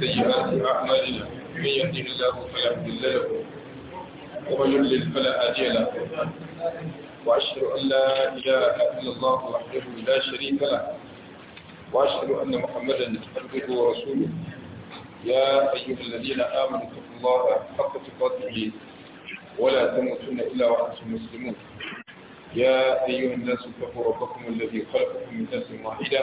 سيئات أعمالنا من يهده الله فلا مضل له ومن يضلل فلا هادي له وأشهد أن لا إله إلا الله وحده لا شريك له وأشهد أن محمدا عبده ورسوله يا أيها الذين آمنوا اتقوا الله حق تقاته ولا تموتن إلا وأنتم مسلمون يا أيها الناس اتقوا ربكم الذي خلقكم من نفس واحدة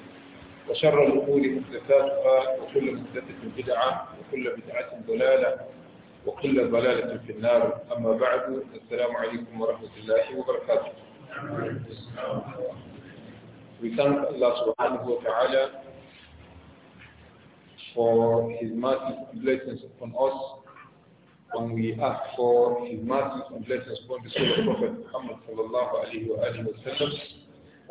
وشر الأمور محدثاتها وكل محدثة بدعة وكل بدعة ضلالة وكل ضلالة في النار أما بعد السلام عليكم ورحمة الله وبركاته We thank Allah subhanahu wa ta'ala for His mercy and blessings upon us when we ask for His mercy and blessings upon the Prophet Muhammad sallallahu alayhi wa sallam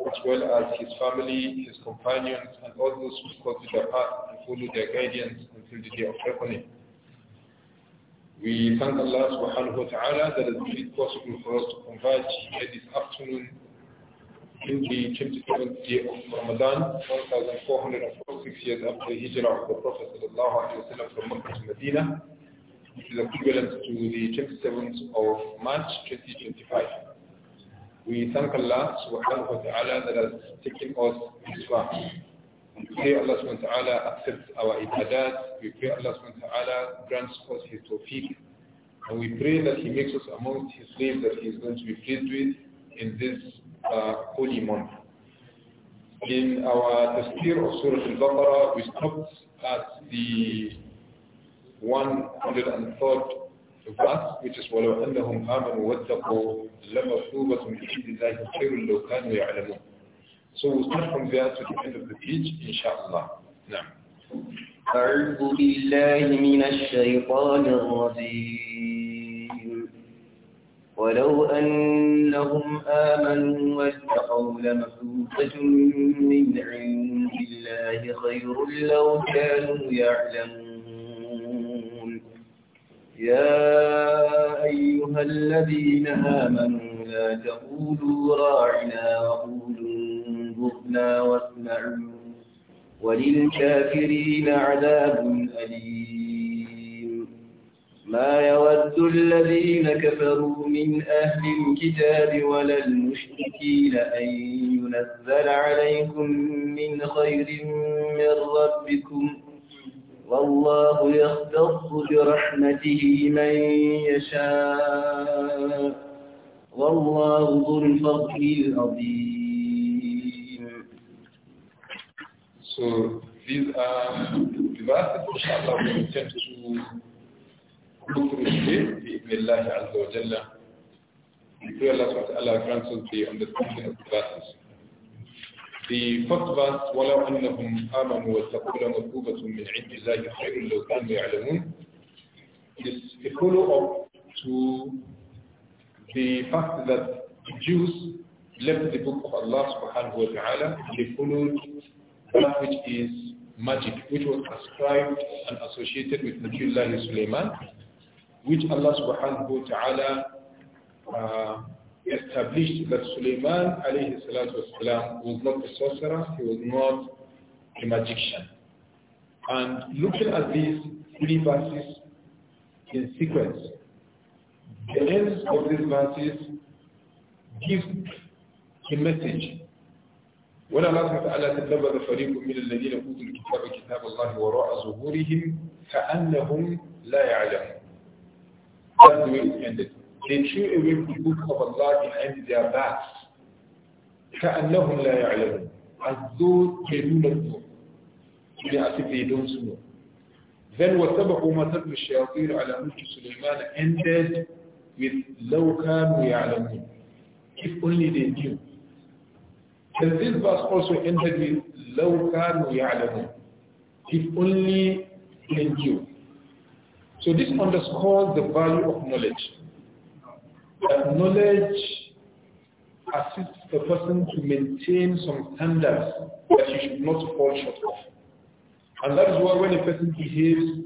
as well as his family, his companions, and all those who follow their path and follow their guidance until the day of reckoning. We thank Allah subhanahu wa ta'ala that it made possible for us to converge here this afternoon in the 27th day of Ramadan, 1446 years after the hijrah of the Prophet sallallahu from Mecca to Medina, which is equivalent to the 27th of March 2025. We thank Allah subhanahu wa ta'ala that has taken us this far. We pray Allah subhanahu wa ta'ala accepts our ibadat. We pray Allah subhanahu wa ta'ala grants us his tawfiq. And we pray that he makes us amongst his slaves that he is going to be pleased with in this uh, holy month. In our tafsir of Surah Al-Baqarah, we stopped at the 103rd الفاس which is ولو أنهم آمنوا واتقوا لمثوبة من عند الله خير لو كانوا يعلمون So we'll start from there to the end of the page, inshallah. نعم. أعوذ بالله من الشيطان الرجيم ولو أنهم آمنوا واتقوا لمثوبة من عند الله خير لو كانوا يعلمون يا أيها الذين آمنوا لا تقولوا راعنا وقولوا انظرنا واسمعوا وللكافرين عذاب أليم ما يود الذين كفروا من أهل الكتاب ولا المشركين أن ينزل عليكم من خير من ربكم والله يختص برحمته من يشاء والله ذو الفضل العظيم So these are the verses inshallah we intend to look through today بإذن الله عز وجل We pray Allah subhanahu wa ta'ala us the understanding of the verses The first verse, وَلَوْ أَنَّهُمْ آمَنُوا وَاتَّقُوا لَمَثُوبَةٌ مِنْ عِنْدِ اللَّهِ خَيْرٌ لَوْ كَانُوا يَعْلَمُونَ is a follow-up to the fact that the Jews left the book of Allah subhanahu wa ta'ala they followed that which is magic, which was ascribed and associated with Nabiullah Sulaiman, which Allah subhanahu wa ta'ala uh, established that Suleiman alayhi salatu wasalam was not a sorcerer, he was not a magician. And looking at these three verses in sequence, the ends of these verses give a message. When Allah Ta'ala تَتَّبَذَ فَرِيقٌ مِّنَ الَّذِينَ أُوتُوا الْكِتَابَ كِتَابَ اللَّهِ وَرَاءَ ظُهُورِهِمْ كَأَنَّهُمْ لَا يَعْلَمُونَ That's the way it ended. They threw away the book of Allah behind their backs. كَأَنَّهُمْ لَا يَعْلَمُونَ As though they do not know. They as if they don't know. Then وَتَبَقُوا مَا الشَّيَاطِينُ عَلَى مُلْكِ سُلَيْمَانَ ended with لَوْ كَانُوا يَعْلَمُونَ If only they knew. And this verse also ended with لَوْ كَانُوا يَعْلَمُونَ If only they knew. So this underscores the value of knowledge that knowledge assists the person to maintain some standards that he should not fall short of. And that is why when a person behaves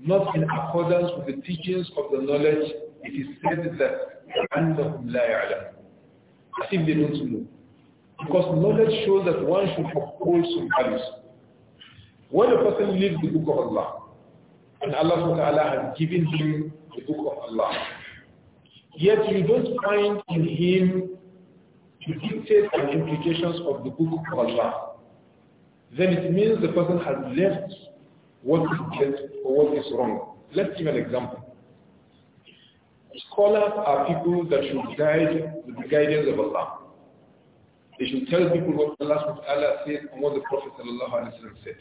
not in accordance with the teachings of the knowledge, it is said that عَنَّهُمْ لَا يَعْلَمُ As if they don't know. Because knowledge shows that one should uphold some values. When a person leaves the book of Allah, and Allah has given him the book of Allah, Yet you don't find in him to dictate and implications of the book of Allah. Then it means the person has left what is right or what is wrong. Let's give an example. Scholars are people that should guide with the guidance of Allah. They should tell people what Allah says and what the Prophet said.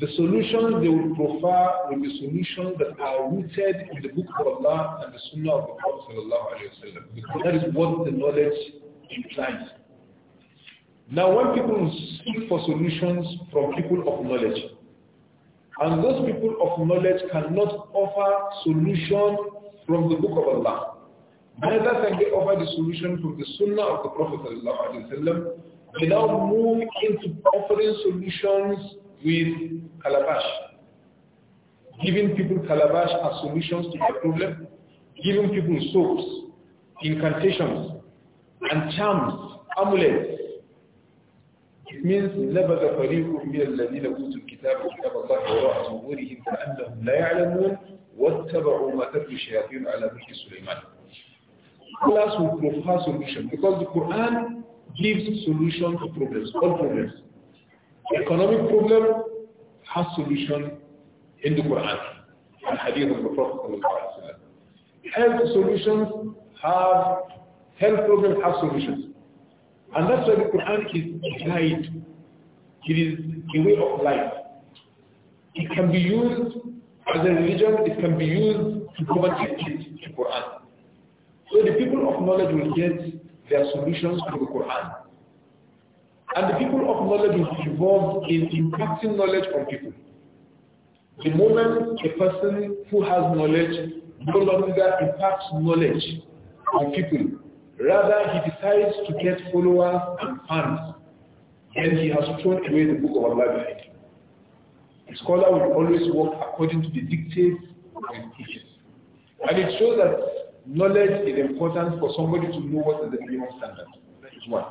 The solutions they will prefer will be solutions that are rooted in the Book of Allah and the Sunnah of the Prophet sallallahu because that is what the knowledge implies. Now, when people seek for solutions from people of knowledge, and those people of knowledge cannot offer solution from the Book of Allah, neither can they offer the solution from the Sunnah of the Prophet sallallahu they now move into offering solutions with calabash, giving people calabash as solutions to their problem, giving people soaps, incantations, and charms, amulets. It means never the of نبذ فريق من الذين أوتوا الكتاب كتاب الله وراء ظهورهم كأنهم لا يعلمون واتبعوا ما تتلو الشياطين على ملك سليمان. Allah will provide solution because the Quran gives solution to problems, all problems. Economic problem has solution in the Quran The Hadith of the Prophet Health solutions have, health problems have solutions. And that's why the Quran is guide. It is a way of life. It can be used as a religion, it can be used to govern the Quran. So the people of knowledge will get their solutions from the Quran. And the people of knowledge is involved in impacting knowledge on people. The moment a person who has knowledge no longer impacts knowledge on people, rather he decides to get followers and fans, then he has thrown away the book of Allah behind him. A scholar will always work according to the dictates of his teachers. And it shows that knowledge is important for somebody to know what is the minimum standard. That is one.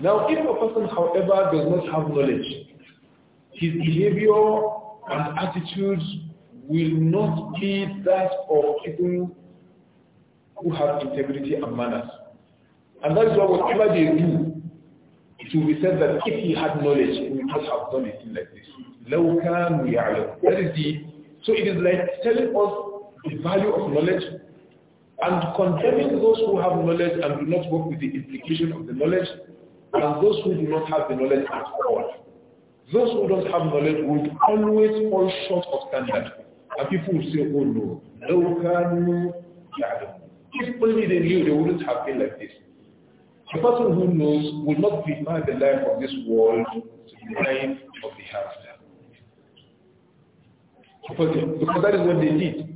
Now, if a person, however, does not have knowledge, his behavior and attitudes will not be that of people who have integrity and manners. And that is why whatever they do, it will be said that if he had knowledge, he would not have done anything like this. لو كان That is the, so it is like telling us the value of knowledge and condemning those who have knowledge and do not work with the implication of the knowledge and those who do not have the knowledge at all. Those who don't have knowledge will always fall short of standard. And people will say, oh no, no can If only they knew, they wouldn't have been like this. The person who knows will not prefer the life of this world to the life of the hereafter. Because, that is what they did.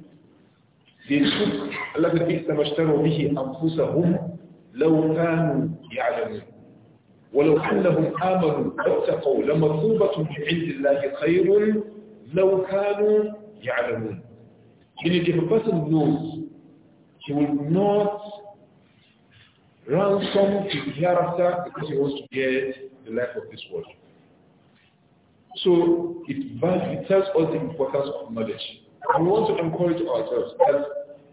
They took Allah the Bikta Mashtaru Bihi Anfusahum لو كانوا يعلمون ولو أنهم آمنوا واتقوا لمثوبة عند الله خير لو كانوا يعلمون Meaning if a person knows, he will not ransom to the hereafter because he wants to get the life of this world. So it, it tells us the importance of knowledge. we want to encourage ourselves that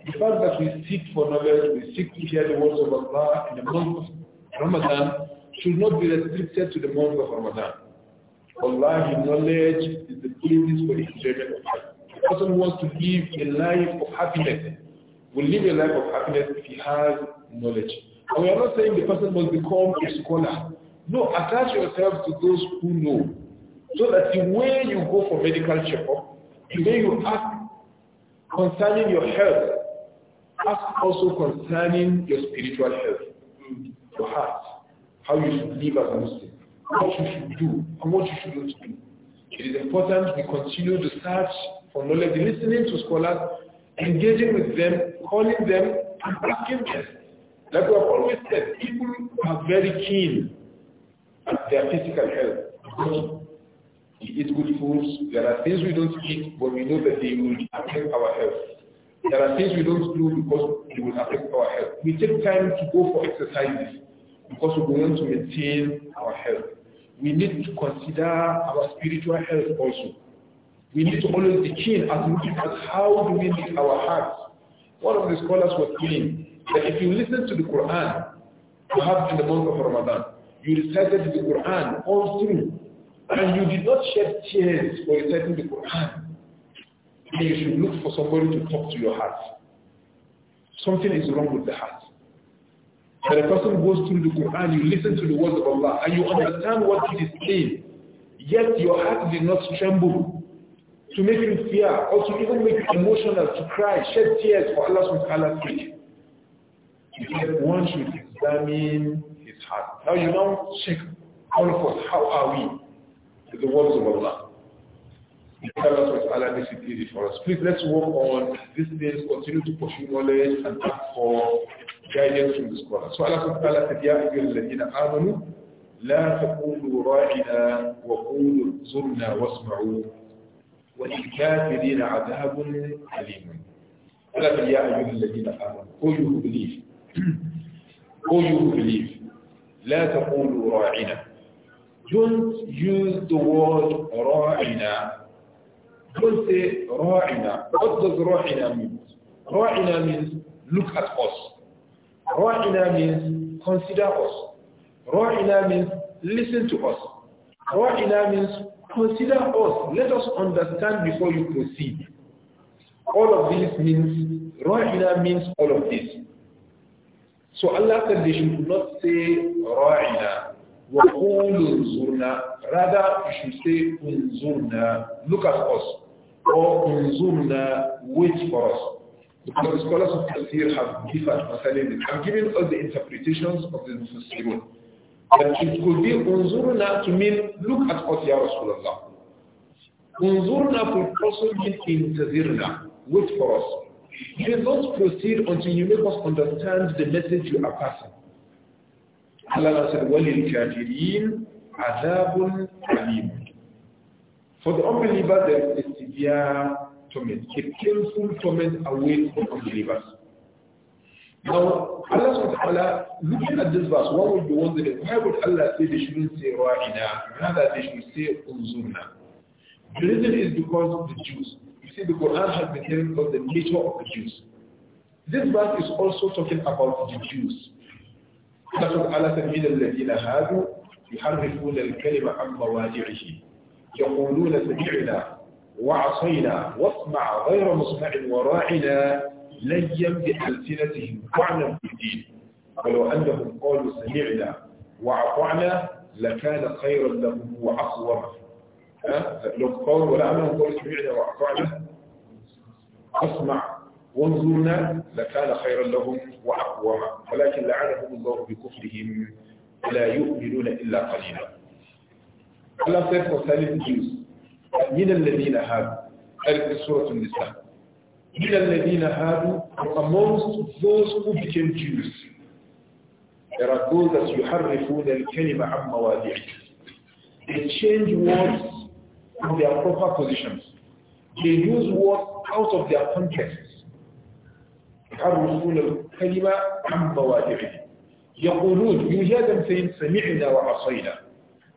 the fact that we seek for knowledge, we seek to hear the words of Allah in the month of Ramadan, should not be restricted to the month of Ramadan. Allah's knowledge is the basis for the enjoyment of life. The person who wants to live a life of happiness will live a life of happiness if he has knowledge. And we are not saying the person must become a scholar. No, attach yourself to those who know. So that the way you go for medical checkup, the way you ask concerning your health, ask also concerning your spiritual health, your heart how you should live as a Muslim, what you should do and what you should not do. It is important we continue to search for knowledge, listening to scholars, engaging with them, calling them, and asking them. Like we have always said, people are very keen at their physical health. We eat good foods. There are things we don't eat, but we know that they will affect our health. There are things we don't do because they will affect our health. We take time to go for exercises because we want to maintain our health. We need to consider our spiritual health also. We need to always be keen as looking at how do we make our hearts. One of the scholars was saying that if you listen to the Quran, perhaps in the month of Ramadan, you recited the Quran all through, and you did not shed tears for reciting the Quran, then you should look for somebody to talk to your heart. Something is wrong with the heart. When a person goes through the Quran, you listen to the words of Allah and you understand what it is saying. Yet your heart did not tremble to make you fear or to even make you emotional, to cry, shed tears for Allah subhanahu wa ta'ala's sake. He said one should examine his heart. Now you now check all of us, how are we? With the words of Allah. Allah subhanahu wa ta'ala makes it easy for us. Please let's work on these things, continue to pursue knowledge and ask for جايين بالسكوات سؤال قال يا أيها الذين آمنوا لا تقولوا راعنا وقولوا انظرنا واسمعوا وللكافرين عذاب أليم قال يا أيها الذين آمنوا قولوا بليف قولوا بليف لا تقولوا راعنا don't use the word راعنا don't say راعنا what does راعنا mean راعنا means look at us Ra'ina means consider us. Ra'ina means listen to us. Ra'ina means consider us. Let us understand before you proceed. All of this means, Ra'ina means all of this. So Allah said they should not say Ra'ina. وَقُولُ Rather, you should say Unzurna. Look at us. Or Unzurna, wait for us. Because scholars of Tafsir have differed concerning this. I'm giving all the interpretations of the Muslimun. That it could be unzurna to mean, look at us, Ya Rasulullah. Unzurna could also mean intazirna, wait for us. You will not proceed until you make us understand the message you are passing. Allah said, وَلِلْ كَافِرِينَ عَذَابٌ عَلِيمٌ For the unbeliever, there is severe torment. A painful torment awaits the unbelievers. Now, Allah subhanahu wa Taala, looking at this verse, one would be wondering, why would Allah say they shouldn't say ra'ina, rather they should say unzurna? The reason is because of the Jews. You see, the Quran has been telling us the nature of the Jews. This verse is also talking about the Jews. That's what Allah said, مِنَ الَّذِينَ هَادُوا يُحَرِّفُونَ الْكَلِمَ عَنْ مَوَاجِعِهِ يَقُولُونَ سَمِعْنَا وعصينا واسمع غير مسمع وراعنا ليا بألسنتهم واعلم بالدين ولو أنهم قالوا سمعنا وعطعنا لكان خيرا لهم ها لو قالوا ولا أنهم قالوا سمعنا وعطعنا أسمع وانظرنا لكان خيرا لهم وأقوى ولكن لعنهم الله بكفرهم لا يؤمنون إلا قليلا الله said for يوسف من الذين هادوا هذه سورة النساء من الذين هادوا amongst those who became Jews there are those that يحرفون الكلمة عن مواضيعه they change words from their proper positions they use words out of their context يحرفون الكلمة عن مواضيعه يقولون you hear them saying سمعنا وعصينا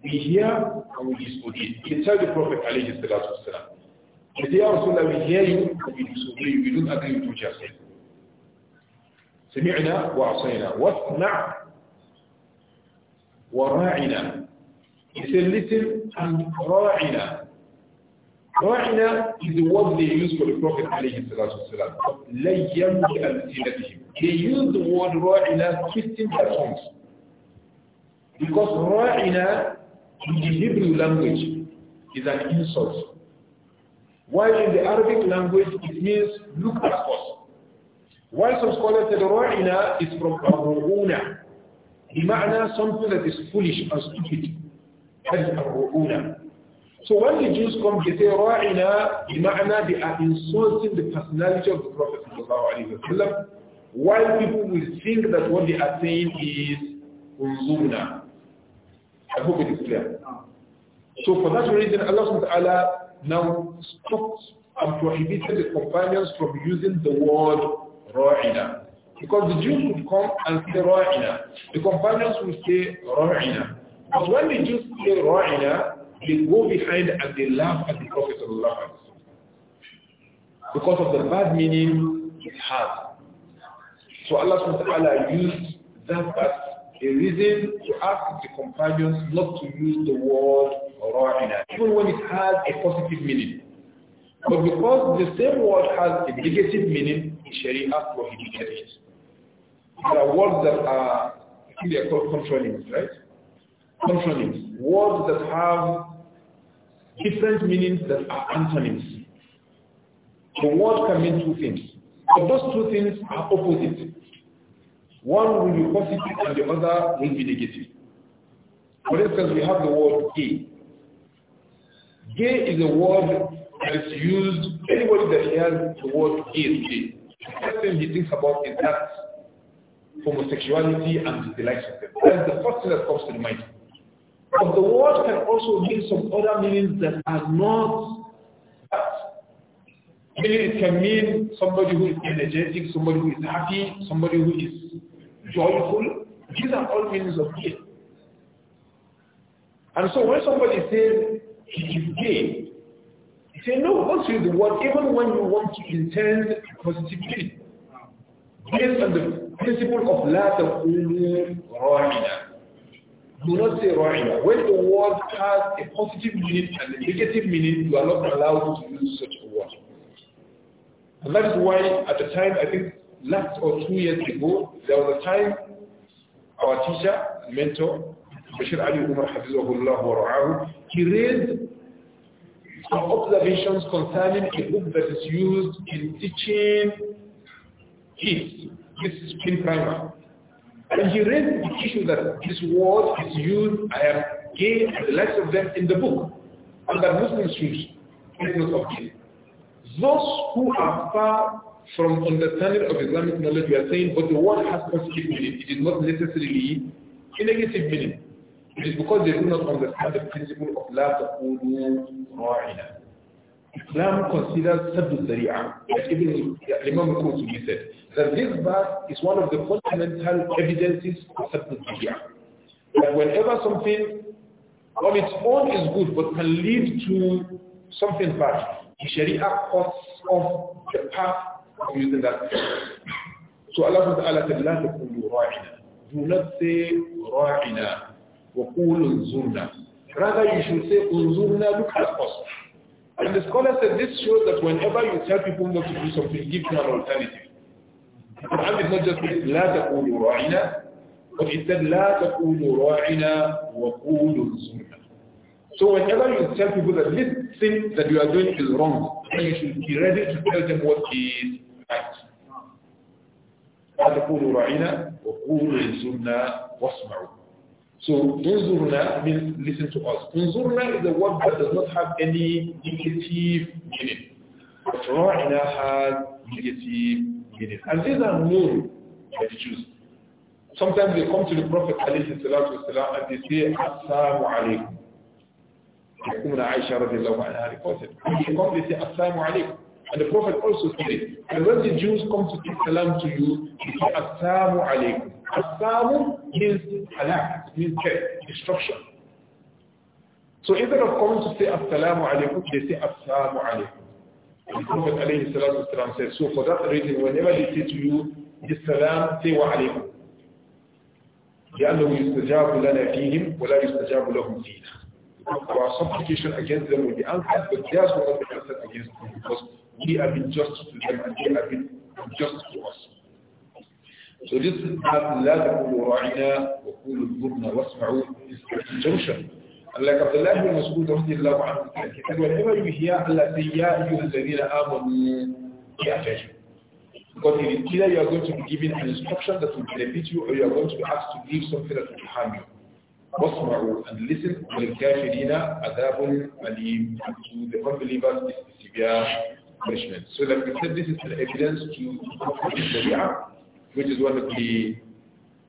We hear and we disobey. He tell the Prophet alayhi salatu wasalam, the day Rasulullah, we hear you and we disobey you. We don't agree with what you are saying. سمعنا وعصينا واسمع وراعنا He said, listen and راعنا راعنا is the word they use for the Prophet عليه الصلاة والسلام ليم بألسنتهم They use the word راعنا 15 times because راعنا in the Hebrew language is an insult. While in the Arabic language it means look at us. Why some scholars said Ra'ina is from Ar-Ru'una. Ima'na something that is foolish and stupid. That is Ar-Ru'una. So when the Jews come, they say Ra'ina, Ima'na, they are insulting the personality of the Prophet while people will think that what they are saying is Unzurna. I hope it is clear. So for that reason, Allah SWT now stopped and prohibited the companions from using the word ra'ina. Because the Jews would come and say ra'ina. The companions would say ra'ina. But when the Jews say ra'ina, they go behind and they laugh at the Prophet Allah. Because of the bad meaning it has. So Allah SWT used that word a reason to ask the companions not to use the word ra'ina, even when it has a positive meaning. But because the same word has a negative meaning, Sharia prohibited it. There are words that are, I they are called contronyms, right? Contronyms. Words that have different meanings that are antonyms. The word can mean two things. But those two things are opposite. One will be positive and the other will be negative. For instance, we have the word gay. Gay is a word that is used, anybody that hears the word gay is gay. The first thing he thinks about is that homosexuality and the likes of it. That's the first thing that comes to the mind. But the word can also mean some other meanings that are not that. Meaning it can mean somebody who is energetic, somebody who is happy, somebody who is joyful. These are all meanings of gay. And so when somebody says he is gay, you say, no, don't use the word, even when you want to intend positively. Based on the principle of la taqulu ra'ina. Do not say ra'ina. When the word has a positive meaning and a negative meaning, you are not allowed to use such a word. And that is why at the time, I think last or two years ago, there was a time our teacher, mentor, Bashir Ali Umar Hafizahullah wa he raised some observations concerning a book that is used in teaching kids, this is in primer. And he raised the issue that this word is used, I have gay and less of them in the book, and that Muslims use, it was Those who are far from understanding of Islamic knowledge, we are saying, but the word has positive meaning. It is not necessarily a negative meaning. It is because they do not understand the principle of la taqulu ra'ina. Islam considers sabdu zari'ah, like even Imam Qurtubi said, that this verse is one of the fundamental evidences of sabdu zari'ah. That whenever something on its own is good, but can lead to something bad, the Sharia cuts off the path so Allah سؤال لا تقولوا راعنا not say راعنا وقول انظرنا rather you should say unzurna look at us and the scholar said this shows that whenever you tell people not to do something give them an alternative the Quran did not just say لا تقولوا راعنا but it said لا تقولوا راعنا وقولوا انظرنا So whenever you tell people that this thing that you are doing is wrong, you should be ready to tell them what is act. فَتَقُولُوا رَعِنَا وَقُولُوا انْزُرْنَا وَاسْمَعُوا So, انظرنا means listen to us. انظرنا is a word that does not have any negative meaning. But رَعِنَا has negative meaning. And these are known by the Jews. Sometimes they come to the Prophet والسلام, and they say, Assalamu alaikum. Umna the radiallahu of reported. When they come, they say, Assalamu alaikum. And the Prophet also said, and when the Jews come to say salam to you, you say assalamu alaikum. Assalamu means halak, means death, destruction. So instead of coming to say assalamu alaikum, they say assalamu alaikum. And the Prophet alayhi salatu wasalam said, so for that reason, whenever they say to you, this salam, say wa alaikum. لأنه يستجاب لنا فيهم ولا يستجاب لهم فينا our supplication against them will be answered, but theirs will not be answered against them because we have been just to them and they have been just to us. So this is لا تقولوا راعنا وقولوا is a junction. And like Abdullah ibn Mas'ud radiallahu anhu he said, whenever you hear Allah say, يا أيها الذين آمنوا, pay attention. Because either you are going to be given an instruction that will benefit you or you are going to be asked to give something that will harm you. وَاسْمَعُوا and listen وَالْكَافِرِينَ عَذَابٌ أَلِيمٌ to the unbelievers is severe punishment. So like we said, this is the evidence to Sharia, which is one of the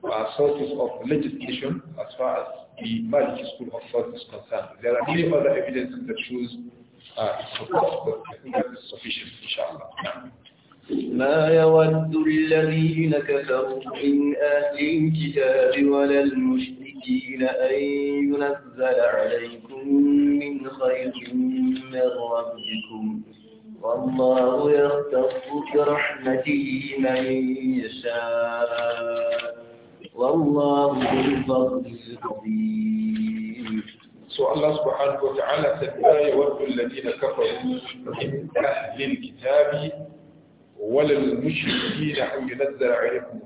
uh, sources of legislation as far as the Maliki school of thought is concerned. There are many other evidences that shows uh, its support, but I think that is sufficient, inshallah. ما يود الذين كفروا من أهل الكتاب ولا المشركين أن ينزل عليكم من خير من ربكم والله يختص برحمته من يشاء والله ذو الفضل العظيم سؤال الله سبحانه وتعالى ما يود الذين كفروا من أهل الكتاب وللمشركين أن ينزل عليكم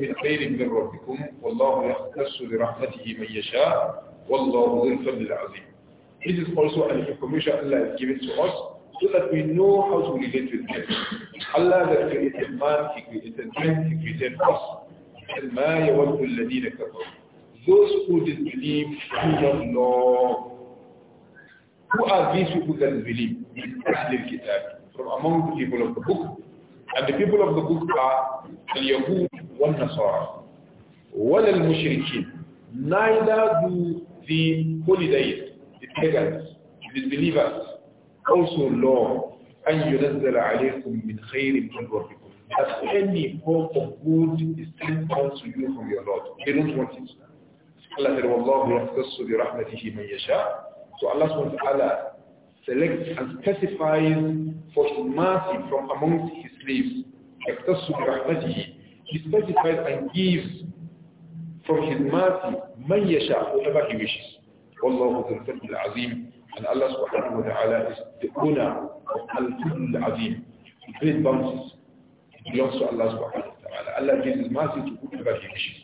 من خير من ربكم والله يختص برحمته من يشاء والله ذو الفضل العظيم This is also an information Allah has given to us so that we know how to relate with Him. Allah that created man, He created men, He created us. And ما يود الذين كفروا Those who disbelieve do not know. Who are these people that believe? من أهل الكتاب. From among the people of the book, And the people of the book are Al-Yahud wal-Nasara. Wal al-Mushrikeen. Neither do the polytheists, the pagans, the believers, also love أن ينزل عليكم من خير من ربكم that any hope of good is sent down to you from your Lord. They don't want it. Allah said, وَاللَّهُ يَخْتَصُّ بِرَحْمَتِهِ مَنْ يَشَاءُ So Allah subhanahu wa ta'ala selects and specifies for his mercy from amongst slaves. He specifies and gives from his mercy man yasha, whoever he wishes. Wallahu al-Fatih al-Azim. And Allah subhanahu wa ta'ala is the owner of al-Fatih al-Azim. Great bounties. It belongs to Allah subhanahu wa ta'ala. Allah gives his mercy to whoever he wishes.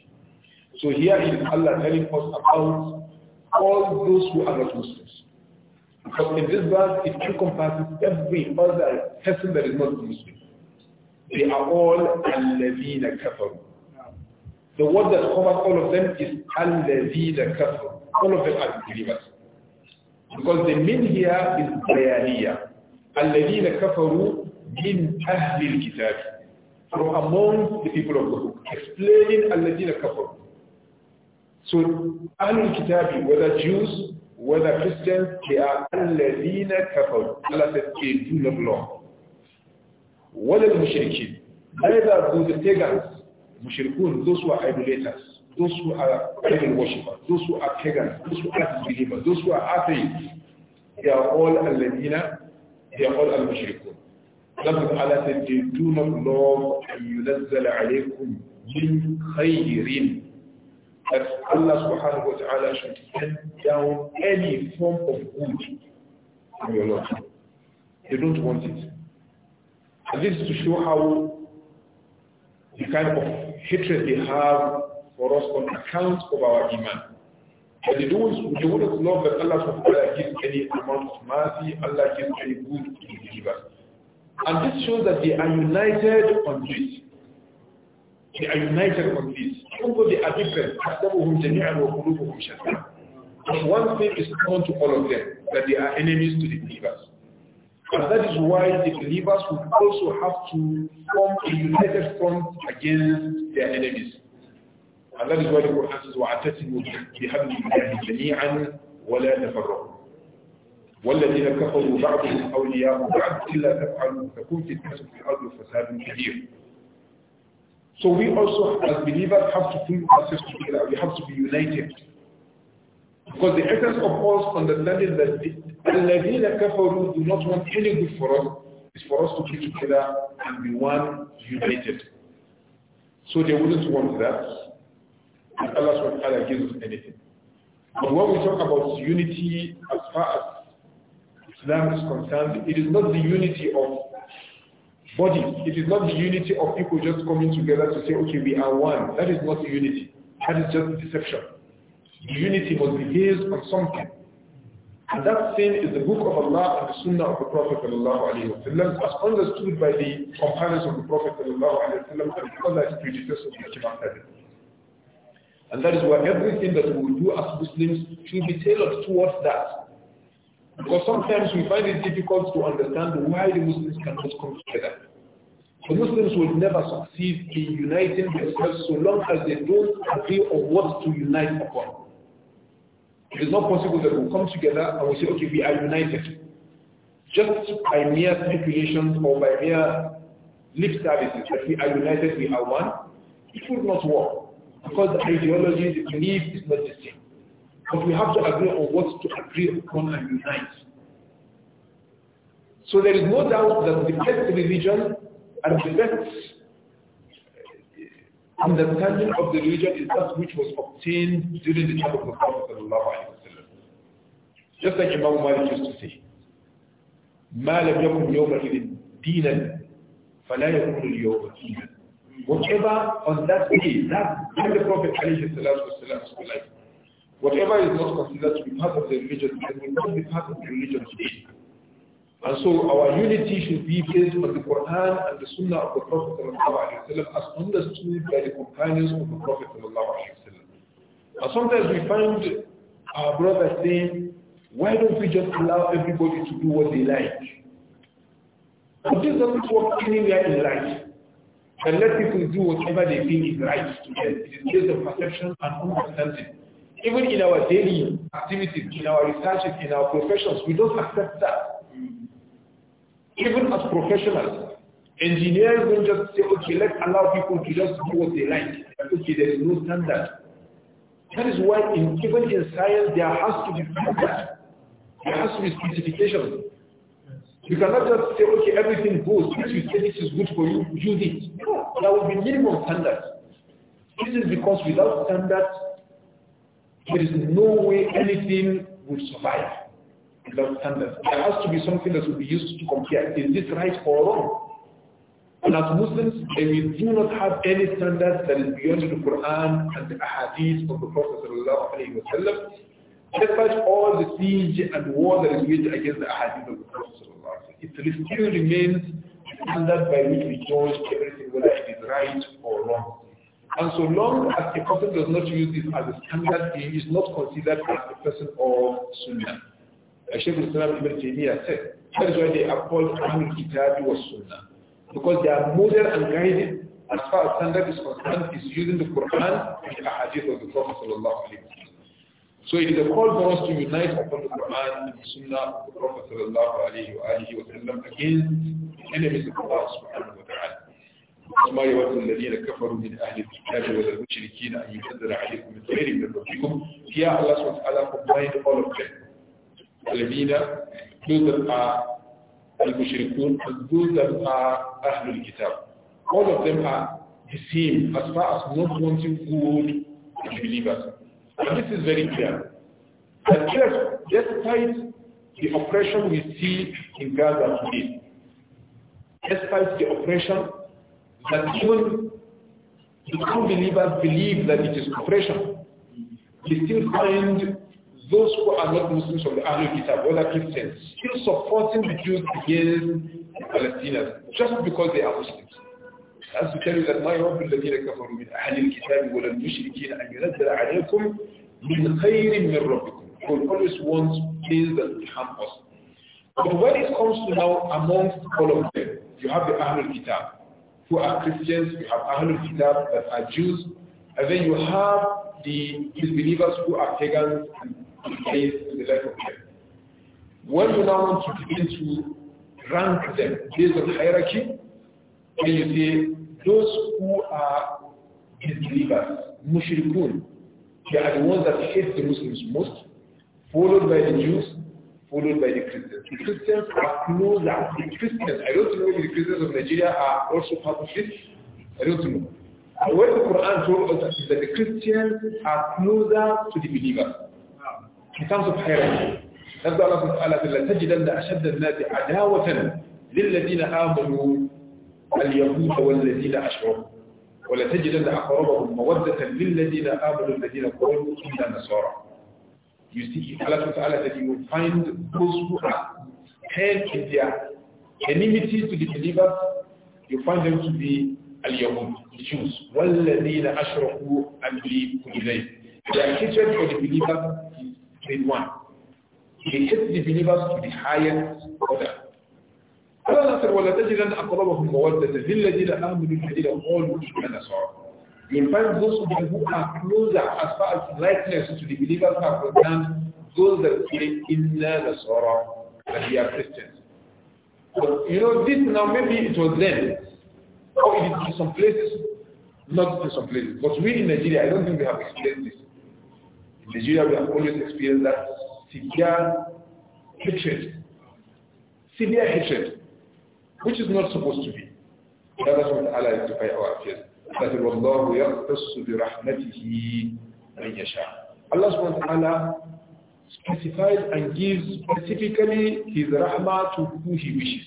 So here is Allah telling us about all those who are not Muslims. Because in this verse, it encompasses every other person that is not Muslim. They are all al-ladhina kafaru. The word that covers all of them is al-ladhina kafaru. All of them are believers. Because the min here is bayaniya. Al-ladhina kafaru min ahli al-kitab. From among the people of the book. Explaining al-ladhina kafaru. So al Kitabi, whether Jews, whether Christians, they are Al-Ladina Kafar. Allah says, they do not law walil mushrikin Either do the pagans mushrikun those who are idolaters those who are idol worshippers those who are pagans those who are unbelievers, those who are atheists they are all alladina they are all al-mushrikun Allah Ta'ala said they do not love and yunazzala alaykum min khayrin that Allah subhanahu wa ta'ala should send down any form of good from your Lord. They don't want it this is to show how the kind of hatred they have for us on account of our iman. And they, don't, they wouldn't love that Allah subhanahu gives any amount of mercy, Allah gives any good to the believers. And this shows that they are united on this. They are united on this. Even though they are different, أَحْسَبُهُمْ جَمِيعًا وَقُلُوبُهُم شَتَّى But one thing is common to all of them, that they are enemies to the believers. And that is why the believers will also have to form a united front against their enemies. And that is why the Quran says, وَعَتَسِمُوا بِحَمْدِ اللَّهِ جَمِيعًا وَلَا تَفَرَّقُوا والذين كفروا بعضهم أولياء بعض إلا تفعلوا تكون فتنة في الأرض وفساد كبير. So we also as believers have to pull ourselves together. We have to be united. Because the essence of us understanding that الَّذِينَ كَفَرُوا do not want any good for us is for us to be together and be one united. So they wouldn't want that. And Allah SWT gives us anything. But when we talk about unity as far as Islam is concerned, it is not the unity of bodies. It is not the unity of people just coming together to say, okay, we are one. That is not unity. That is just deception. The unity must be based on something. And that same is the book of Allah and the Sunnah of the Prophet as understood by the companions of the Prophet and Allah is of the And that is why everything that we do as Muslims should be tailored towards that. Because sometimes we find it difficult to understand why the Muslims cannot come together. The Muslims will never succeed in uniting themselves so long as they don't agree on what to unite upon. It is not possible that we'll come together and we'll say, okay, we are united. Just by mere speculations or by mere lip services that we are united, we are one, it will not work. Because the ideology, the belief is not the same. But we have to agree on what to agree upon and unite. So there is no doubt that the best religion and the best understanding of the religion is that which was obtained during the time of the Prophet Just like Imam Malik used to say, ما لم يكن يومئذ دينا فلا يكون اليوم دينا Whatever on that day, that when the Prophet alayhi whatever is not considered to be part of the religion, it will not be part of the religion today. And so our unity should be based on the Quran and the Sunnah of the Prophet as understood by the companions of the Prophet. And sometimes we find our brothers saying, why don't we just allow everybody to do what they like? But this doesn't work anywhere in life. And let people do whatever they think is right to them. It is based on perception and understanding. Even in our daily activities, in our researches, in our professions, we don't accept that even as professionals, engineers don't just say, okay, let's allow people to just do what they like. Okay, there is no standard. That is why in, even in science, there has to be standard. There has to be specifications. You cannot just say, okay, everything goes. If you say this is good for you, use it. No, there will be minimum standards. This is because without standards, there is no way anything will survive. There has to be something that will be used to compare. Is this right or wrong? And as Muslims, we do not have any standard that is beyond the Quran and the Ahadith of the Prophet ﷺ, despite all the siege and war that is waged against the Ahadith of the Prophet ﷺ. It still remains the standard by which we judge everything, whether it is right or wrong. And so long as a person does not use this as a standard, he is not considered as a person of Sunnah. Sheikh Islam Ibn Taymiyyah said, that is why they are called Ahlul Kitab wa Sunnah. Because they are model and guided as far as standard is concerned is using the Quran and the Hadith of the Prophet sallallahu alaihi So it is a call for us to unite upon the Quran and the Sunnah of the Prophet sallallahu against enemies of Allah subhanahu wa ta'ala. وما يود الذين كفروا من اهل الكتاب ولا المشركين ان ينزل عليكم من خير من ربكم يا الله سبحانه وتعالى combine all of them Al-Ladina, those that are Al-Mushrikun, and those that are Kitab. All of them are the same as far as not wanting good to believers. And this is very clear. And yes, despite the oppression we see in Gaza today, despite the oppression that even the unbelievers believe that it is oppression, they still find those who are not Muslims from the Ahlul Kitab, whether Christians, still supporting the Jews against the Palestinians just because they are Muslims. As to tell you that my رب الذين كفروا من أهل الكتاب ولا المشركين أن ينزل عليكم من خير من ربكم. God always wants things that harm us. But when it comes to now amongst all of them, you have the Ahlul Kitab who are Christians, you have Ahlul Kitab that are Jews, and then you have the disbelievers who are pagans and place the of them. When you now want to begin to rank them based on hierarchy, then you say those who are disbelievers, mushrikun, they are the ones that hate the Muslims most, followed by the Jews, followed by the Christians. The Christians are closer. The Christians, I don't know if the Christians of Nigeria are also part of it. I don't know. And what the Quran told us is that the Christians are closer to the believers. حسان سبحانه نبدأ الله سبحانه وتعالى تجدن أشد الناس عداوة للذين آمنوا اليهود والذين أشركوا ولتجدن أقربهم مودة للذين آمنوا الذين قالوا إنا نصارى You see, Allah Ta'ala that you will find those who are held in their enmity to the believers, you find them to be al-Yahud, the Jews. وَالَّذِينَ أَشْرَكُوا أَنْ بِلِيبُ إِلَيْهِ Their hatred for the believers is grade 1. He takes the believers to the highest order. قال نصر ولتجدن أقربهم مودة للذين آمنوا الذين قالوا إنا نصارى You'll find those who are closer as far as likeness to the believers are concerned, those that say Inna Nasara, that we are Christians. But you know, this now maybe it was then, or it is in some places, not in some places. But we in Nigeria, I don't think we have explained this. In Nigeria, we have always experienced that severe hatred, severe hatred, which is not supposed to be. That is what Allah is to pay our affairs. That is وَاللَّهُ يَقْتَصُ بِرَحْمَتِهِ مَنْ يَشَاءُ Allah subhanahu wa ta'ala specifies and gives specifically His rahmah to who He wishes.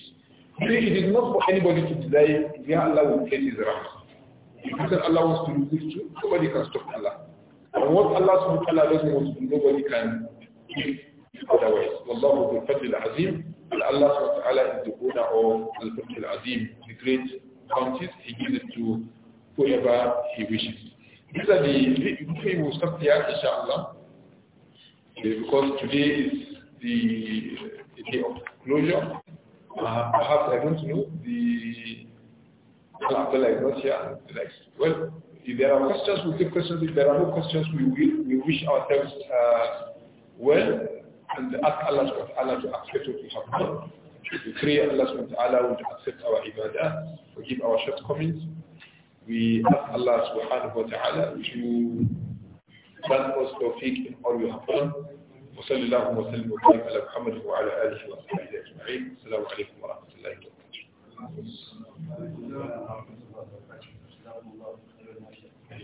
It is not for anybody to decide where Allah will place His rahmah. If Allah wants to do this to, nobody can stop Allah. And what Allah subhanahu wa ta'ala doesn't want to do, nobody can give otherwise. Wallahu bil fadl azim. Allah subhanahu wa ta'ala is the owner of al fadl azim, the great bounties. He gives it to whoever he wishes. These are the, we will stop here inshallah. Because today is the day of closure. Uh, perhaps I don't know, the Abdullah is not here. well, if there are questions, we'll take questions. If there are no questions, we will. We wish ourselves uh, well and ask Allah to, Allah to accept what we have done. We pray Allah subhanahu wa ta'ala will accept our ibadah, forgive our shortcomings. We ask Allah subhanahu wa ta'ala to grant us tawfiq in all we have done. وصلى الله وسلم وبارك على محمد وعلى اله واصحابه اجمعين السلام عليكم ورحمه الله وبركاته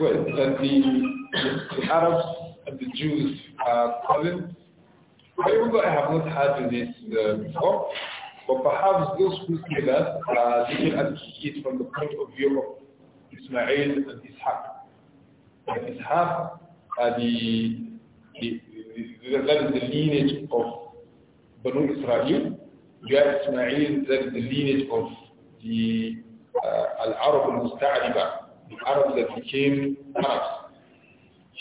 Well, that the, the Arabs and the Jews are cousins. Even though I have not heard this uh, before, but perhaps those who say that are looking at it from the point of view of Ismail and Ishaq. And Ishaq are the, the, the, that is the lineage of Banu Israel, where Ismail that is the lineage of the uh, Al-Arab al-Musta'ariba, the Arabs that became Arabs.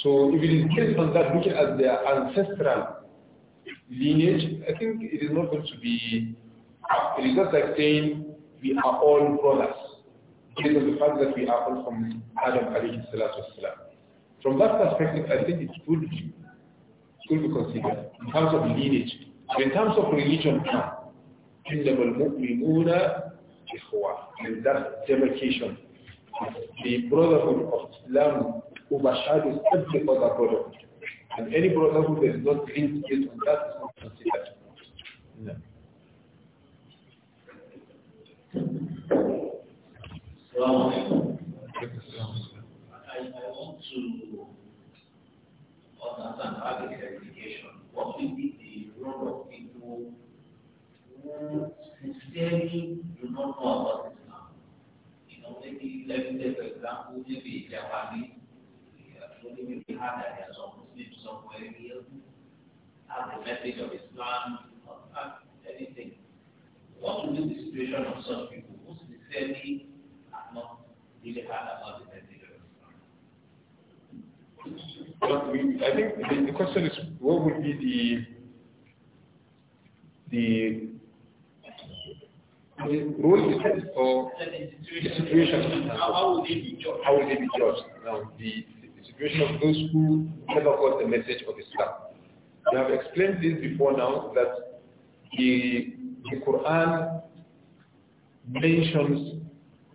So if it is based on that, looking at their ancestral lineage, I think it is not going to be, it is just like saying we are all brothers, based on the fact that we are all from Adam alayhi salatu From that perspective, I think it could be, could be considered in terms of lineage. In terms of religion now, And that demarcation the brotherhood of Islam is overshadows every other brotherhood. And any brotherhood that is not linked based on that is not considered. No. I, I want to understand how the clarification. What will be the role of people who sincerely do not know about let me for example, maybe Japanese, maybe uh, we had that there are some Muslims somewhere here, have the message of Islam, or have anything. What will be the situation of such people who sincerely have not really heard about the message of Islam? But we, I think the, the question is, what would be the the the role or the situation? How will they be judged? How they be judged? Now, the, the situation of those who never got the message of Islam. We have explained this before now that the, the Quran mentions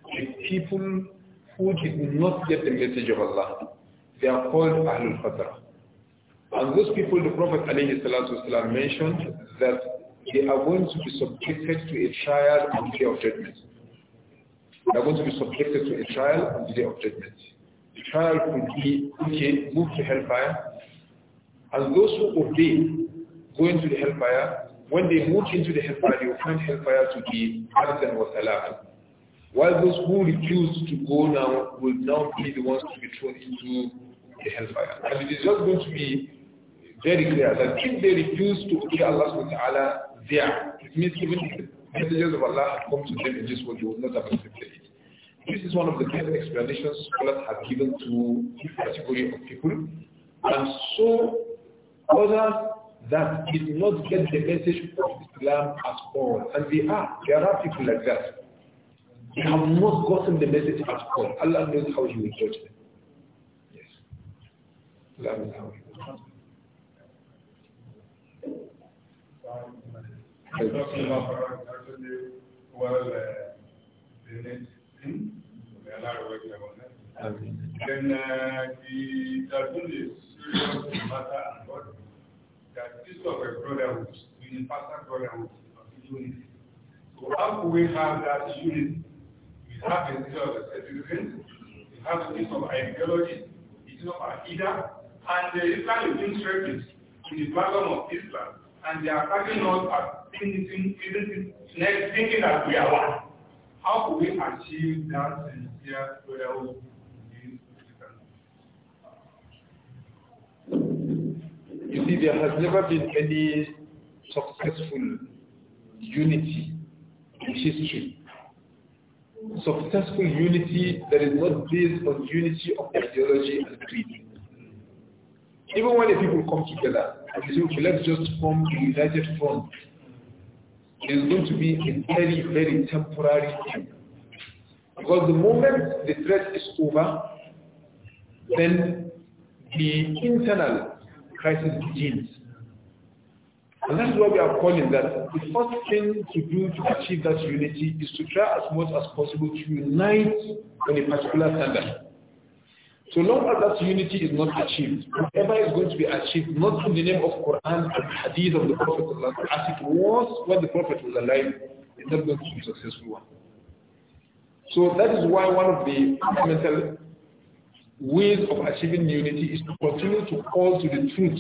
the people who did not get the message of Allah. They are called Ahlul Fatrah. And those people, the Prophet ﷺ mentioned that they are going to be subjected to a trial on the day of judgment. They are going to be subjected to a trial on the day of judgment. The trial could be, okay, move to hellfire. And those who obey going to the hellfire. When they move into the hellfire, they will find hellfire to be arden was allowed. While those who refuse to go now will now be the ones to be thrown into the hellfire. And it is just going to be very clear that if they refuse to obey Allah subhanahu wa ta'ala, there. It means the messengers of Allah have come to them in this world, they would not have accepted it. This is one of the best explanations scholars have given to this category of people. And so others that did not get the message of Islam at all. And they are, there are people like that. They have not gotten the message at all. Allah knows how He will judge them. Yes. Allah knows how He we talking about well uh, the next thing. We are working on that. Then uh, the Darfur is serious matter and what that is of a brotherhood, universal brotherhood of unity. So how do we have that unity? We have a deal of citizens, we have a piece of ideology, it's not our leader, and the uh, Islamic interest in the platform of Islam and they are attacking us as thinking, thinking that we are one. How could we achieve that sincere well You see, there has never been any successful unity in history. Successful unity that is not based on unity of ideology and creed. Even when the people come together, and let's just form the United Front. It's going to be a very, very temporary thing. Because the moment the threat is over, then the internal crisis begins. And that's why we are calling that the first thing to do to achieve that unity is to try as much as possible to unite on a particular standard. So long as that unity is not achieved, whatever is going to be achieved, not in the name of Quran and Hadith of the Prophet, as it was when the Prophet was alive, it's not going to be successful one. So that is why one of the fundamental ways of achieving unity is to continue to call to the truth.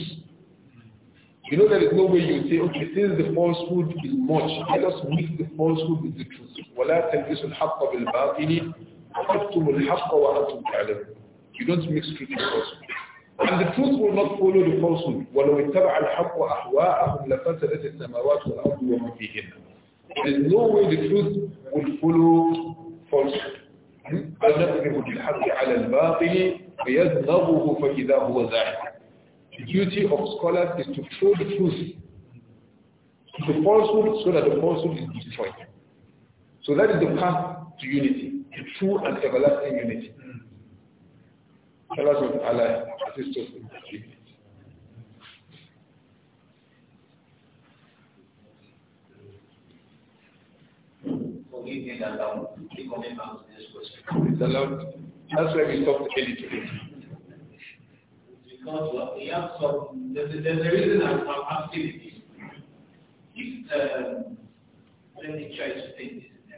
You know, there is no way you say, okay, since the falsehood is much, let us mix the falsehood with the truth. وَلَا تَلْبِسُ الْحَقَّ وَأَكْتُمُ الْحَقَّ you don't mix truth with falsehood. And the truth will not follow the falsehood. وَلَوْ اتَّبَعَ الْحَقُّ أَحْوَاءَهُمْ لَفَسَدَتِ السَّمَاوَاتُ وَالْأَرْضُ وَمَا فِيهِنَّ There's no way the truth will follow falsehood. Hmm? بل نقذف بالحق على الباطل فيذنبه فإذا هو ذاهب. The duty of scholars is to show the truth to the falsehood so that the falsehood is destroyed. So that is the path to unity, to true and everlasting unity. Allah subhanahu wa us in that It's allowed. That's why we stopped early today. Because uh, we have some, there's, there's a reason I'm, asking If the, um, let me this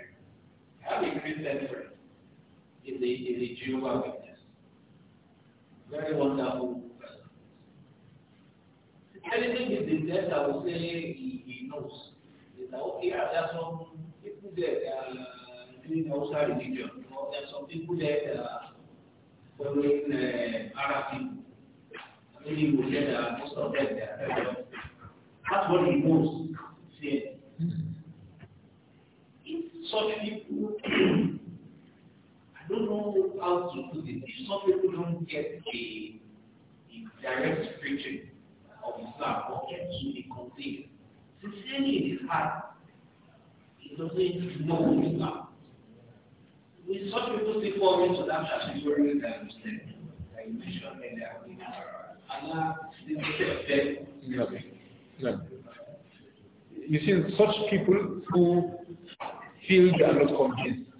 I have a Christian friend in the, in the Jehovah's very wonderful Anything is the death, I would say he, he knows. It's like, okay, yeah, there are some people there that are uh, doing outside religion. Or there are some people there that are following uh, Arab people. Many you will say that most of them they are very. That's what he knows. See? Hmm. If such people don't know how to do this. If some people don't get a direct preaching of Islam or get to the complete, sincerely in his heart, he doesn't know Islam. such people still fall into that category that you said, that you mentioned earlier, Allah You see, such people who feel they are not convinced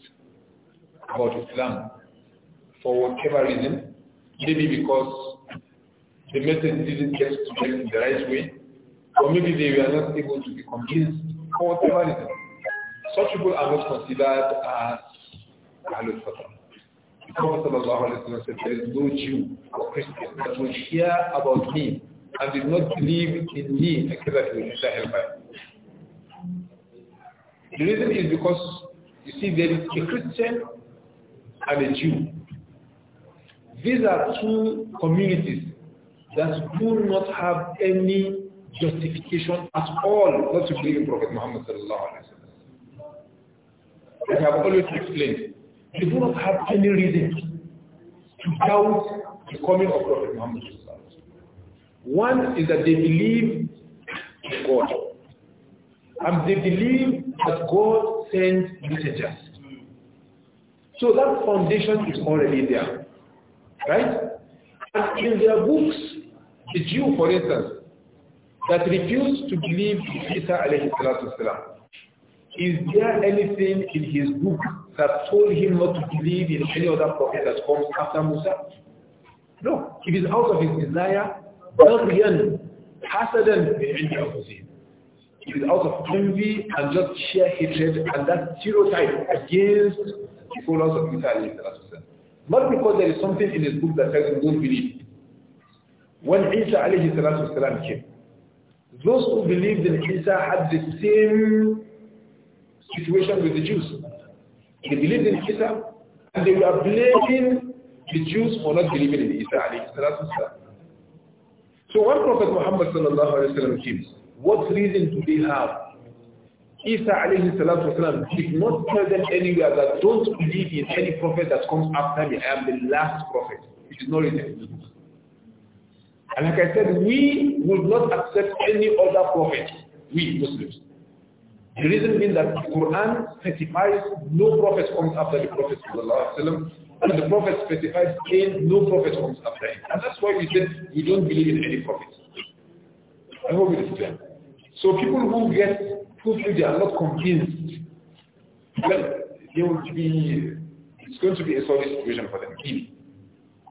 about Islam for whatever reason, maybe because the message didn't get to them in the right way, or maybe they were not able to be convinced for whatever reason. Such people are not considered as Ahlul Fatah. The Prophet said, there is no Jew or Christian that will hear about me and did not believe in me except that he hellfire. The reason is because, you see, there is a Christian and a Jew. These are two communities that do not have any justification at all not to believe in Prophet Muhammad sallallahu alaihi wasallam. As I have always explained, they do not have any reason to doubt the coming of Prophet Muhammad One is that they believe in God, and they believe that God sends messengers. So that foundation is already there. Right? And in their books, the Jew, for instance, that refused to believe in Isa alayhi salatu is there anything in his book that told him not to believe in any other prophet that comes after Musa? No. It is out of his desire, بغيًا حسدًا من عند أنفسهم. It is out of envy and just sheer hatred and that stereotype against the followers of Isa alayhi salatu Not because there is something in his book that says we don't believe. When Isa alayhi salatu wasalam came, those who believed in Isa had the same situation with the Jews. They believed in Isa and they were blaming the Jews for not believing in Isa alayhi salatu So when Prophet Muhammad sallallahu alayhi wa sallam came, what reason do they have Isa alayhi salatu wasalam did not tell them anywhere that don't believe in any prophet that comes after me. I am the last prophet. It is not written. And like I said, we would not accept any other prophet, we Muslims. The reason being that the Quran specifies no prophet comes after the Prophet وسلم, and the Prophet specifies in no prophet comes after him. And that's why we said we don't believe in any prophet. I hope it is clear. So people who get People feel they are not convinced. Well, they will be, it's going to be a sorry situation for them, really.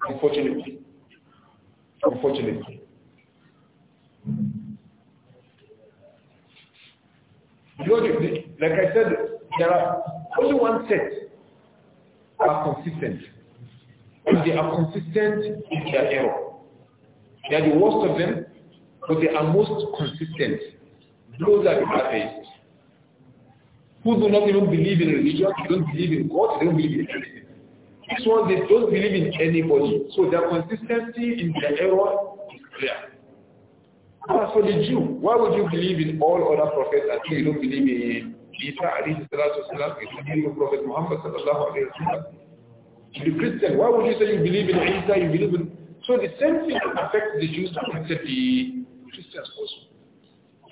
Unfortunately. Unfortunately. Because, like I said, there are only one set are consistent. If they are consistent in their error. They are the worst of them, but they are most consistent. Those are the atheists who do not even believe in religion, they don't believe in God, they don't believe in anything. These ones, they don't believe in anybody. So their consistency in their error is clear. As for the Jew, why would you believe in all other prophets and you don't believe in Isa, Ali, salatu wasalam, Prophet Muhammad sallallahu alaihi wasallam? The Christian, why would you say you believe in Isa, you believe in... So the same thing affects the Jews and the Christians also.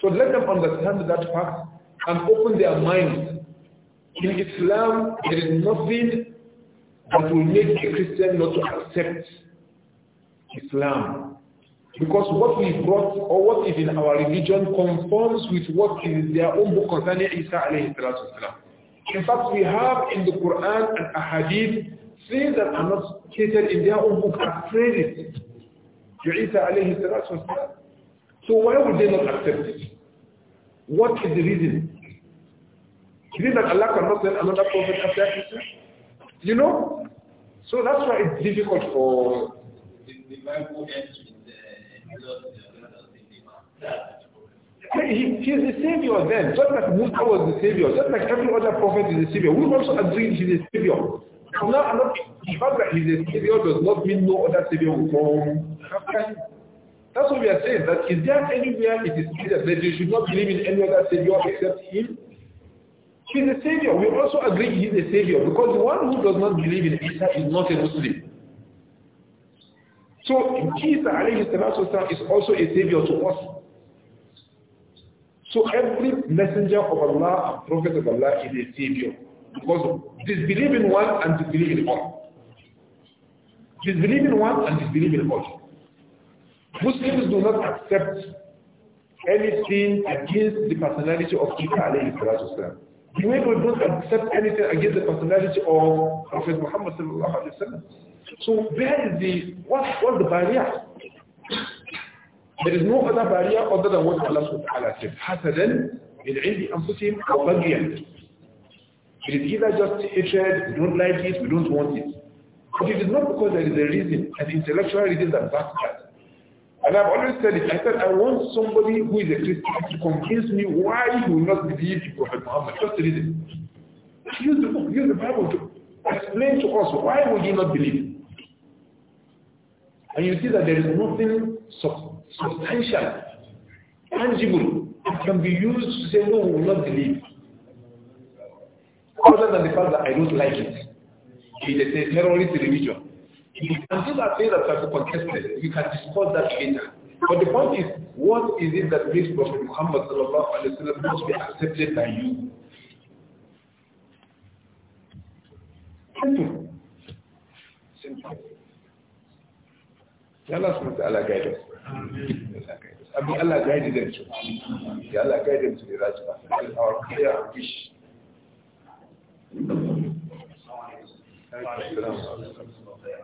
So let them understand that fact and open their minds in Islam, there is nothing that will make a Christian not to accept Islam. Because what we brought or what is in our religion conforms with what is in their own book concerning Isa alayhi In fact, we have in the Quran and Ahadith things that are not stated in their own book are to Isa alayhi So why would they not accept it? What is the reason? You mean that Allah cannot send another prophet after Isa? You know? So that's why it's difficult for... The, Bible ends with the he, he is the savior then, just like Musa was the savior, just like every other prophet is the savior. We also agree he's is the savior. So now, I'm not, the fact that he's a savior does not mean no other savior will come. That's what we are saying, that is there anywhere it is clear that they should not believe in any other savior except him? He's a savior. We also agree he's a savior because the one who does not believe in Isa is not a Muslim. So Jesus, is also a savior to us. So every messenger of Allah and prophet of Allah is a savior because disbelieving in one and disbelieving in all. Disbelieving in one and disbelieving in all. Muslims do not accept anything against the personality of Jesus, you we don't accept anything against the personality of Prophet Muhammad sallallahu alaihi wasallam? So where is the what what's the barrier? There is no other barrier other than what Allah subhanahu wa ta'ala said. حَسَدًا مِنْ عِنْدِ It is either just hatred, we don't like it, we don't want it. But it is not because there is a reason, an intellectual reason that backs that. And I've always said it. I said, I want somebody who is a Christian to convince me why he will not believe in Prophet Muhammad. Just read it. Use the book, use the Bible to explain to us why would you not believe. And you see that there is nothing substantial, tangible, that can be used to say, no, we will not believe. Other than the fact that I don't like it. It is a terrorist religion. And these are things that can be it, you can discuss that later. But the point is, what is it that makes Prophet Muhammad must be accepted by you? Simple. Simple. Allah subhanahu guide us. I mean, Allah guide them to Allah guide them to the right path. That is our clear wish. Thank you.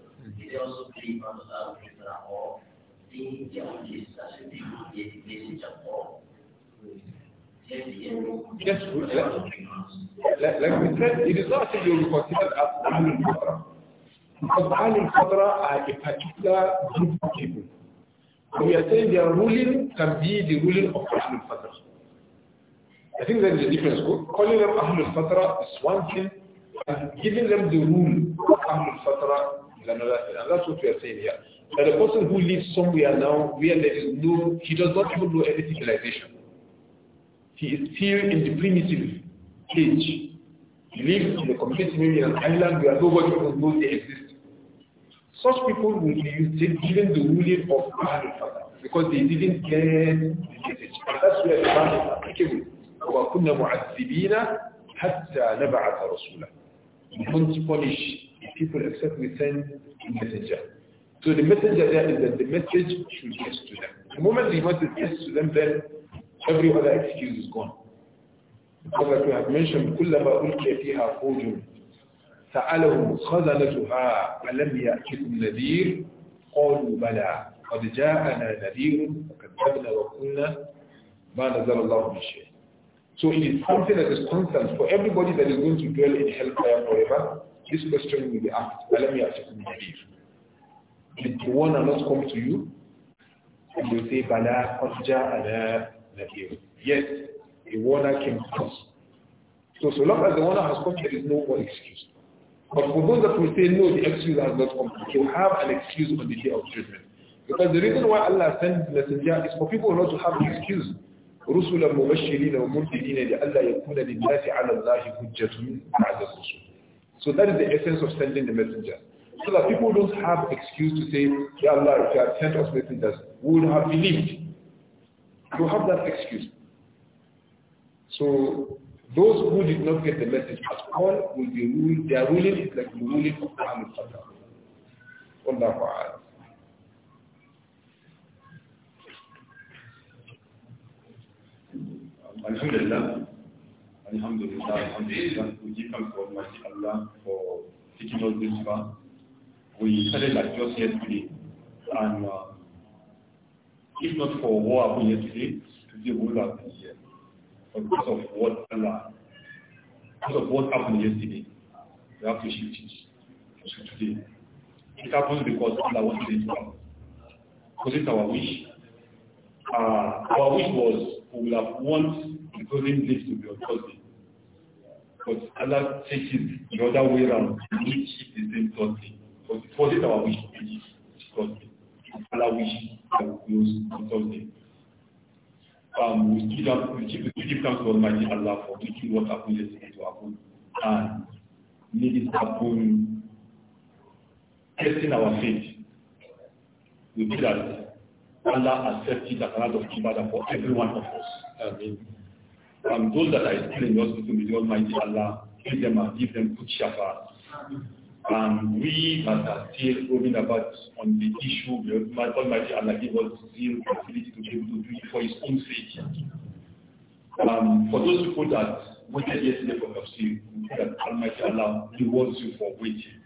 they also believe on the Krishna or seeing their own discussion, they get message of all. Yes, let, let, me say, it is not that you will consider as Ahlul Qadra. Because Ahlul Qadra are a particular group of people. So we are saying their ruling can be the ruling of Ahlul Qadra. I think there is a difference. Calling them Ahlul Qadra is one thing, and giving them the rule of Ahlul Qadra another And that's what we are saying here. That the person who lives somewhere now where there is no, he does not even know any civilization. He is still in the primitive age. He lives in the community, maybe an island where nobody even knows they exist. Such people will be given the ruling of Ahlul because they didn't get the message. And that's where the Quran is applicable. وَكُنَّ مُعَذِّبِينَ حَتَّى نَبَعَثَ رَسُولًا We don't punish people except we send a messenger. So the messenger there is that the message should get to them. The moment the message gets to them, then every other excuse is gone. Because like we have mentioned, كلما ألقي فيها فوج سألهم خزنتها ألم يأتكم نذير قالوا بلى قد جاءنا نذير وكذبنا وكنا ما نزل الله من شيء. So it is something that is constant for everybody that is going to dwell in hellfire forever. This question will be asked. Let me ask you Did the one not come to you? And you say, Bala, Qadja, Yes, the warner came to us. So, so long as the warner has come, there is no more excuse. But for those that will say, no, the excuse has not come, you have an excuse on the day of judgment. Because the reason why Allah sent the messenger is for people not to have an excuse. رسلا مبشرين ومنذرين لئلا يكون للناس على الله حجة بعد الرسل so that is the essence of sending the messenger. So that people don't have excuse to say, Ya Allah, if you had sent us messengers, we would have believed. You have that excuse. So those who did not get the message at all will be ruled, are ruling like the ruling of Ahlul Qadr. Allahu Alhamdulillah, on this, that we give thanks to Almighty Allah for taking us this far. We started like just yesterday, and uh, if not for what happened yesterday, today we would have been here. But because of what Allah, because of what happened yesterday, we have to shift it to today. It happens because Allah wanted it to happen. Was it our wish? Uh, our wish was we would have wanted the closing date to be on Thursday. But Allah takes it the other way around. We keep the same thought. But it wasn't our wish. It is Thursday. Allah wish that we close on Thursday. Um, we still have, we keep, we keep thanks to Almighty Allah for making what happened yesterday to happen. And may it happen testing our faith. We pray that Allah accepts it as another of Ibadah for every one of us. Amen um, those that are still in the hospital may the Almighty Allah, give them and uh, give them good shafa. And we that are still roaming about on the issue, may the Almighty Allah give us zeal and ability to be able to do it for His own sake. Um, for those people that waited yesterday for mercy, may the Almighty Allah rewards you for waiting.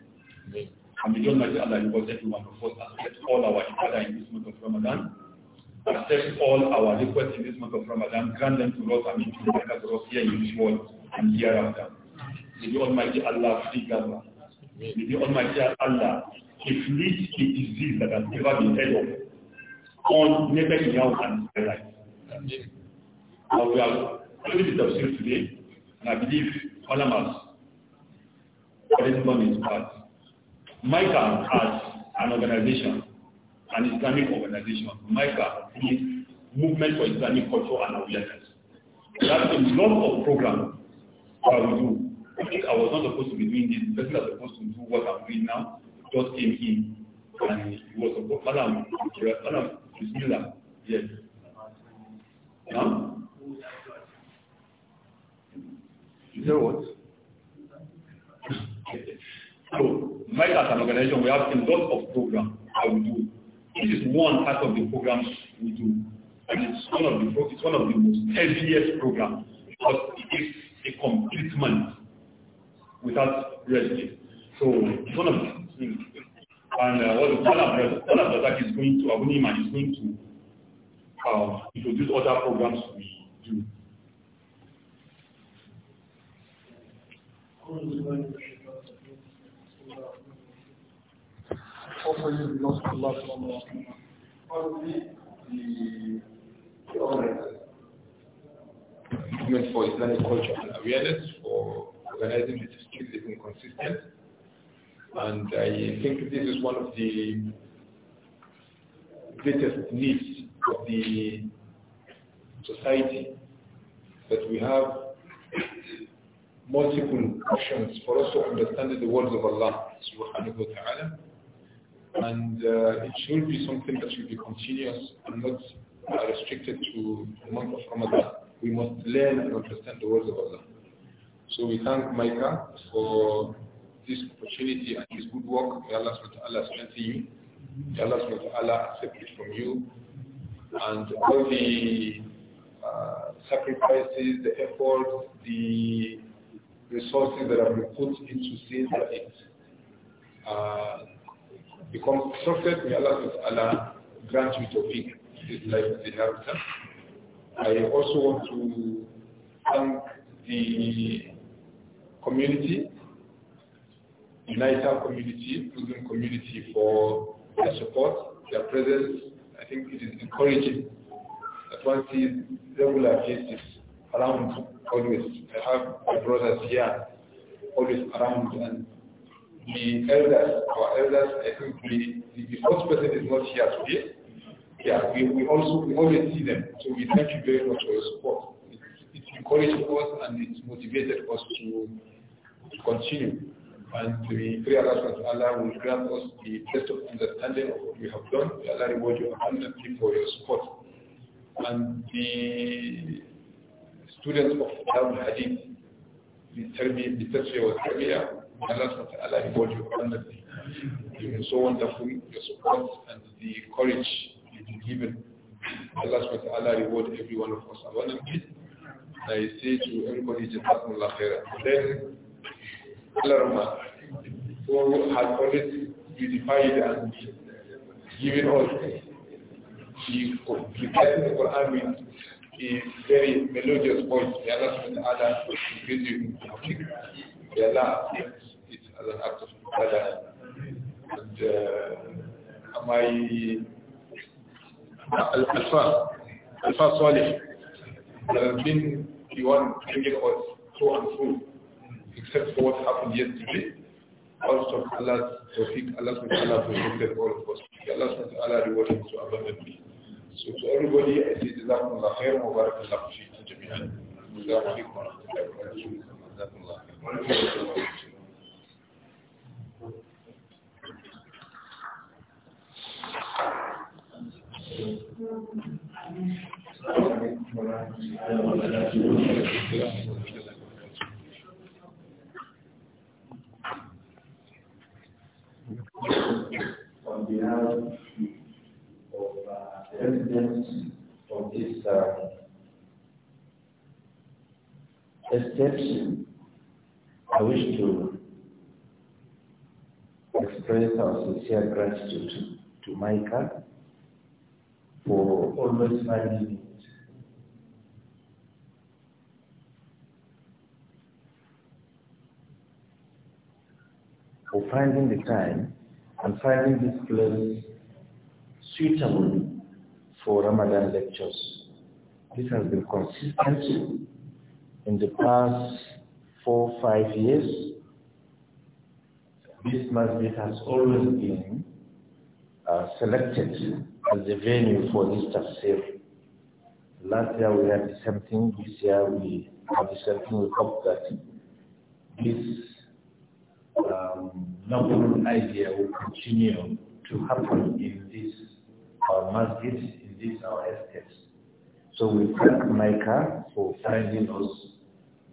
And may the Almighty Allah reward everyone of us and all our ibadah in this month of Ramadan accept all our requests in this month of Ramadan, grant them to us and mean, to Mecca to us here in this world and hereafter. May the Almighty Allah free Gaza. May the Almighty Allah inflict a disease that has never been heard of on Netanyahu and his life. Now we are going to tafsir today, and I believe all of us, Palamas, Palestine is part. Micah as an organization an Islamic organization, MICA, is Movement for Islamic Culture and Awareness. That's a lot of programs that we do. I think I was not supposed to be doing this. The person that's supposed to do what I'm doing now just came in and he was supposed Madam Madam Bismillah. Yes. Now? You know what? so, Mike as an organization, we have a lot of programs that we do. This is one part of the programs we do. And it's one of the, it's one of the most heaviest programs because it is a complete month without resting. So it's one of the things. And uh, all, of, that is going to, Abunima is going to uh, introduce other programs we do. the belongs to Allah subhanahu wa the for Islamic culture and awareness for organizing it is still inconsistent. consistent. And I think this is one of the greatest needs of the society that we have multiple options for us to understand the words of Allah subhanahu wa ta'ala and uh, it should be something that should be continuous and not uh, restricted to the month of Ramadan. We must learn and understand the words of Allah. So we thank Micah for this opportunity and his good work. May Allah subhanahu to you. May Allah subhanahu accept it from you. And all the uh, sacrifices, the efforts, the resources that have been put into seeing that it uh, becomes obstructed. May Allah Allah grant you tawfiq. This life is inheritance. I also want to thank the community, United community, Muslim community for their support, their presence. I think it is encouraging that one sees regular cases around always. I have my brothers here always around and the elders, our elders, I think we, the first person is not here today. Yeah, we, we also we always see them. So we thank you very much for your support. It, it encourages us and it motivated us to, to continue. And we pray Allah Allah will grant us the best of understanding of what we have done. Allah reward you abundantly for your support. And the students of Darul Hadith, the Tarbiyah was earlier, Allah subhanahu wa ta'ala reward you abundantly. You've been so wonderful, your support and the courage you've been given. Allah subhanahu reward every one of us abundantly. And I say to everybody, Jazakumullah khairan. Then, Allah who has always beautified and given us the reciting Quran with a very melodious voice. May Allah subhanahu wa you in the Allah as an act of ibadah. And uh, has been the one bringing us through and through, except for what happened yesterday. Also, Allah's Tawfiq, Allah SWT protected all of us. Allah SWT rewarded us abundantly. So to everybody, I say جزاكم الله خير On behalf of uh, the residents of this uh, estate, I wish to express our sincere gratitude to Micah for almost five minutes. For finding the time and finding this place suitable for Ramadan lectures. This has been consistent in the past four, five years. This masjid has always been uh, selected as a venue for this tafsir. Last year we had the same thing, this year we have the same thing. We hope that this um, noble idea will continue to happen in this our masjid, in this our estate. So we thank Micah for finding us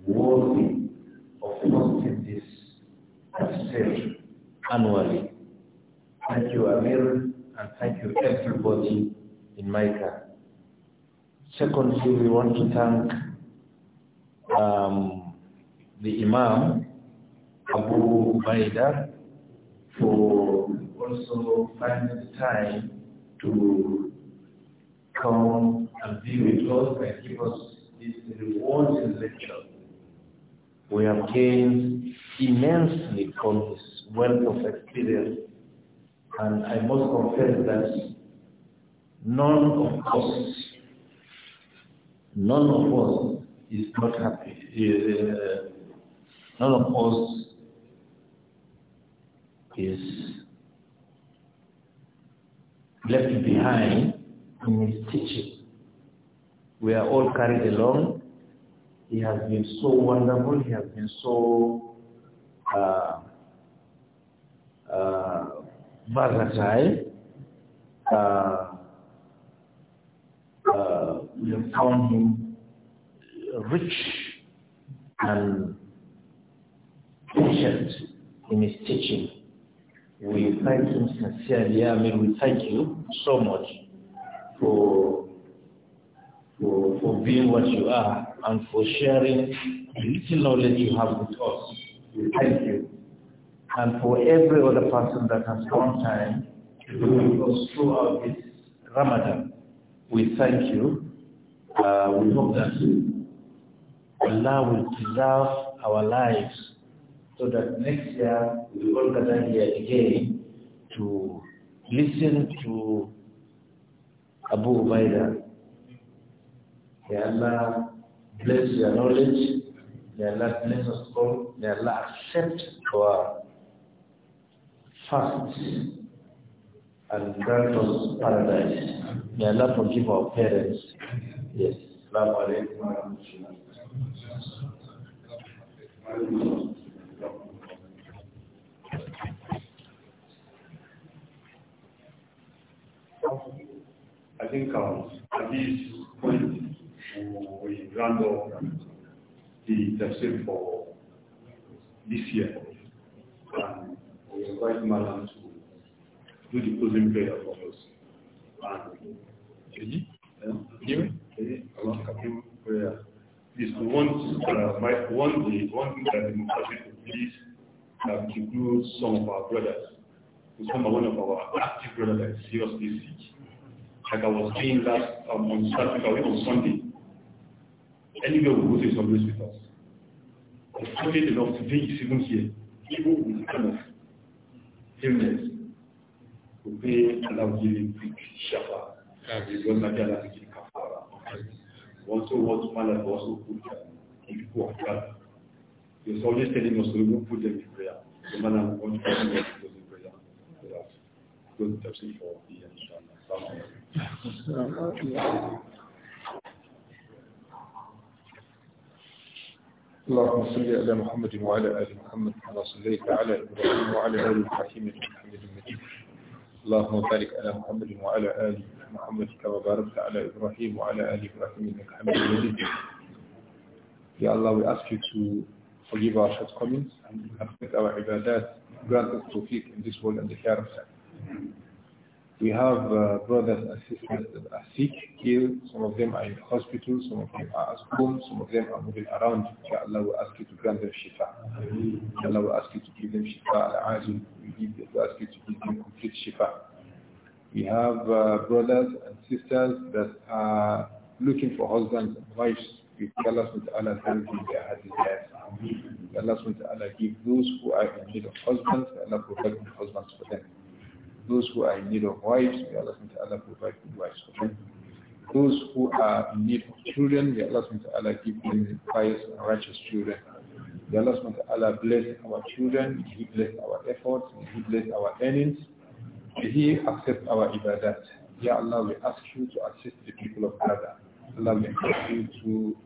worthy of hosting this tafsir annually. Thank you, Amir and thank you everybody in Micah. Secondly, we want to thank um, the Imam Abu Ubaida for also finding the time to come and be with us and give us this rewarding lecture. We have gained immensely from this wealth of experience and I must confess that none of us, none of us is not happy. Uh, none of us is left behind in his teaching. We are all carried along. He has been so wonderful. He has been so uh, uh, versatile. Uh, uh, we have found him rich and patient in his teaching. We thank him sincerely. I mean, we thank you so much for, for, for being what you are and for sharing the little knowledge you have with us. We thank you and for every other person that has found time to be with us throughout this Ramadan. We thank you. Uh, we hope that Allah will preserve our lives so that next year we will gather here again to listen to Abu Ubaidah. May Allah bless your knowledge. May Allah bless us all. May Allah accept our fast and grant us paradise. May Allah forgive our parents. Yes. I think um, at this point we round off the tafsir for this year. And we invite Malam to do the closing prayer for us. And um, prayer is to want uh, one day, one thing that democracy could please that includes some of our brothers, some of one of our active brothers that is seriously sick. Like I was saying last um, on Saturday, on Sunday, anywhere we go to is always with us. It's enough today is even here, even with kind of illness ku pay Allah you shafa Also He was always telling us put them in prayer. The put them in prayer. So that's good for the inshallah. اللهم صل على محمد وعلى آل محمد كما صليت على إبراهيم وعلى آل إبراهيم إنك حميد مجيد اللهم بارك على محمد وعلى آل محمد كما باركت على إبراهيم وعلى آل إبراهيم إنك حميد مجيد يا الله we ask you to forgive our shortcomings and accept our ibadat. Grant us tawfiq in this world and the hereafter. We have uh, brothers and sisters that are sick, ill. Some of them are in hospital, some of them are at home, some of them are moving around. Allah will ask you to grant them shifa. Allah will ask you to give them shifa. Al-Azim will ask you to give them complete shifa. We have uh, brothers and sisters that are looking for husbands and wives. We tell us Allah grant Allah subhanahu give those who are in need of husbands, Allah provide husbands for them. Those who are in need of wives, to Allah ta'ala provide good wives for them. Those who are in need of children, we to Allah ta'ala give them pious and righteous children. May Allah bless our children, He bless our efforts, He bless our earnings, He accept our ibadat. Ya Allah, we ask you to assist the people of Gaza. Allah, we ask you to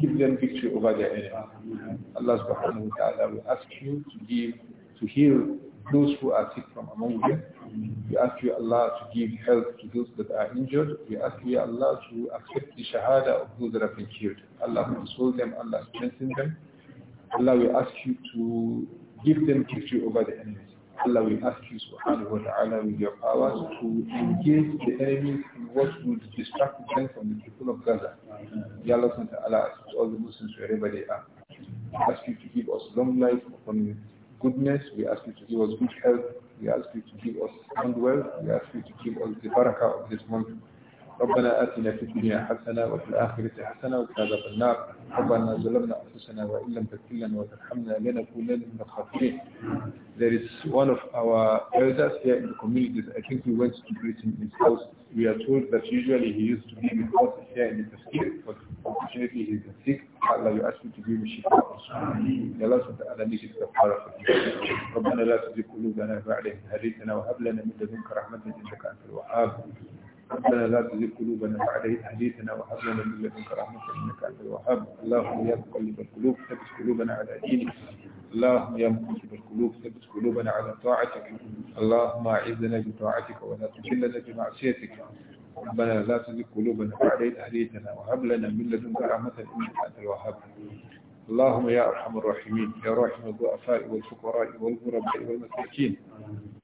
give them victory over their enemies. Allah subhanahu wa ta'ala, we ask you to give, to heal those who are sick from among them. We ask you, Allah, to give health to those that are injured. We ask you, Allah, to accept the shahada of those that have been killed. Allah console them, Allah strengthen them. Allah, we ask you to give them victory over the enemies. Allah, we ask you, subhanahu wa ta'ala, with your powers to engage the enemies in what would distract them from the people of Gaza. Ya Allah, Allah, all the Muslims wherever they are. We ask you to give us long life upon goodness. We ask you to give us good health. We ask you to give us sound wealth. We ask you to give us the barakah of this month. ربنا آتنا في الدنيا حسنة وفي الآخرة حسنة وقنا عذاب النار ربنا ظلمنا أنفسنا وإن لم تغفر لنا وترحمنا لنكونن من الخاسرين There is one of our elders here in the community. I think we went to greet him in his house. We are told that usually he used to be with us here in the Tafsir, but unfortunately he is sick. Allah, you ask me to give him shifa also. May Allah subhanahu wa ta'ala make it kafara for him. ربنا لا تزغ قلوبنا بعد إذ هديتنا وهب لنا من لدنك رحمة إنك أنت الوهاب ربنا لا تزغ قلوبنا بعد إذ هديتنا وهب لنا من لدنك رحمة إنك أنت الوهاب اللهم يا مقلب القلوب ثبت قلوبنا على دينك اللهم يا مقلب القلوب ثبت قلوبنا على طاعتك اللهم أعذنا بطاعتك ولا تذلنا بمعصيتك ربنا لا تزغ قلوبنا بعد إذ هديتنا وهب لنا من لدنك رحمة إنك أنت الوهاب اللهم يا أرحم الراحمين يا راحم الضعفاء والفقراء والغرباء والمساكين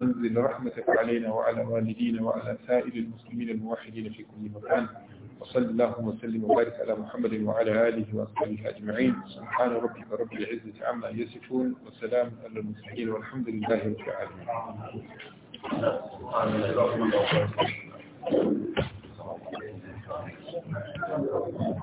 انزل رحمتك علينا وعلى والدينا وعلى سائر المسلمين الموحدين في كل مكان وصل اللهم وسلم وبارك على محمد وعلى آله وأصحابه أجمعين سبحان ربك رب العزة عما يصفون وسلام على المرسلين والحمد لله رب العالمين